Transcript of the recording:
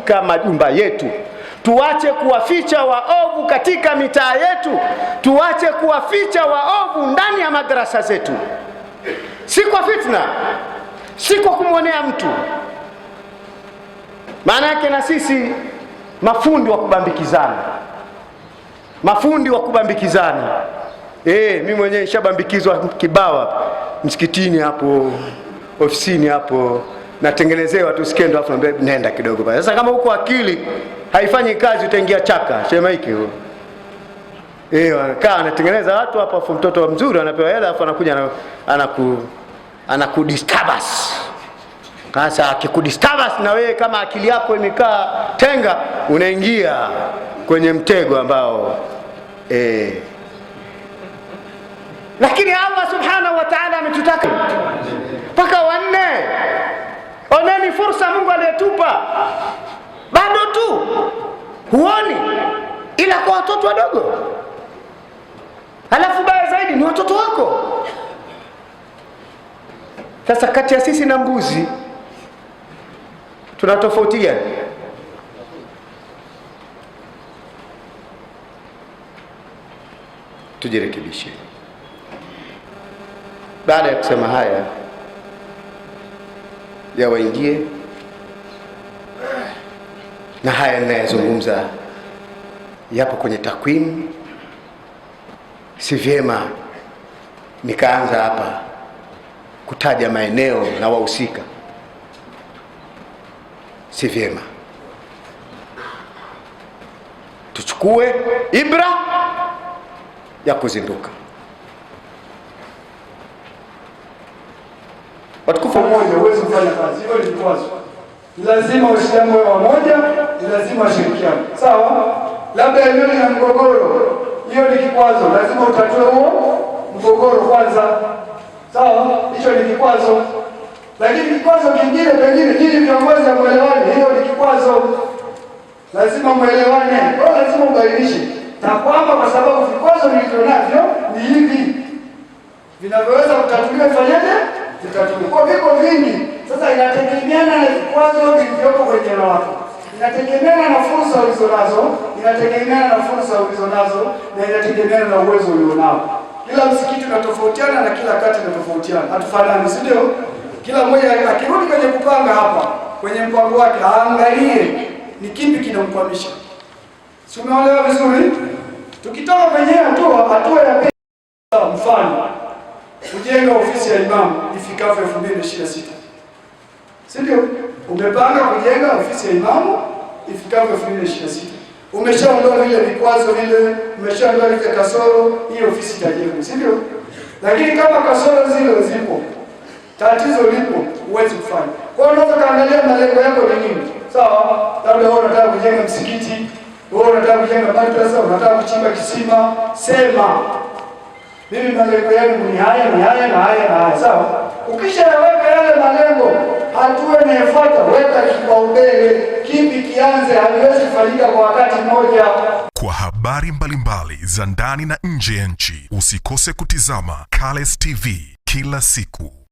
katika majumba yetu, tuache kuwaficha waovu katika mitaa yetu, tuache kuwaficha waovu ndani ya madarasa zetu, si kwa fitna, si kwa kumwonea mtu. Maana yake na sisi mafundi wa kubambikizana, mafundi wa kubambikizana. E, eh, mi mwenyewe nishabambikizwa kibawa msikitini hapo, ofisini hapo natengenezewa tu skendo, afu naambia nenda kidogo pale. Sasa kama huko akili haifanyi kazi, utaingia chaka chema hiki huo. Eh, kaa anatengeneza watu hapa, afu mtoto mzuri anapewa hela, afu anakuja anaku anaku, anaku disturbance. Sasa akikudisturbance na wewe kama akili yako imekaa tenga, unaingia kwenye mtego ambao eh lakini watoto wadogo, alafu baya zaidi ni watoto wako. Sasa kati ya sisi na mbuzi tuna tofauti gani? Tujirekebishe. Baada ya kusema haya, yawaingie na haya ninayozungumza yapo kwenye takwimu. Si vyema nikaanza hapa kutaja maeneo na wahusika, si vyema. Tuchukue ibra ya kuzinduka. Watukufu, umoja uwezi kufanya kazi, hiyo, ni lazima Waislamu wamoja, ni lazima washirikiane, sawa labda eneo lina mgogoro, hiyo ni kikwazo, lazima utatue huo mgogoro kwanza. Sawa, hicho ni kikwazo. Lakini kikwazo kingine, pengine nyinyi viongozi mwelewani, hiyo ni kikwazo, lazima mwelewane. Kwa lazima ubainishe na kwamba kwa sababu vikwazo vilivyo navyo ni hivi vinavyoweza kutatuliwa, ifanyeje? Vitatuliwe. viko vingi, sasa inategemeana na vikwazo vilivyoko kwenye wako, inategemeana na fursa ulizo nazo inategemeana na fursa ulizo nazo na inategemeana na uwezo ulionao. Kila msikiti unatofautiana na kila kati inatofautiana, hatufanani, si ndio? Kila mmoja akirudi kwenye kupanga hapa kwenye mpango wake aangalie ni kipi kinamkwamisha. Si umeelewa vizuri? Tukitoka kwenye hatua hatua ya pili, mfano kujenga ofisi ya imamu ifikapo 2026. Si ndio? Umepanga kujenga ofisi ya imamu ifikapo 2026. Umeshaondoa vile vikwazo vile, umeshaondoa ile kasoro, hiyo ofisi itajengwa, si ndio? Lakini kama kasoro zile zipo, tatizo lipo, huwezi kufanya. Kwa hiyo unaweza kaangalia malengo yako ni nini? Sawa, labda wewe unataka kujenga msikiti, wewe unataka kujenga madrasa, unataka kuchimba kisima, sema mimi malengo yangu ni haya, ni haya na haya na haya. Sawa, yaweka yale malengo ianze haliwezi kufanyika kwa wakati mmoja. Kwa habari mbalimbali za ndani na nje ya nchi, usikose kutizama Cales TV kila siku.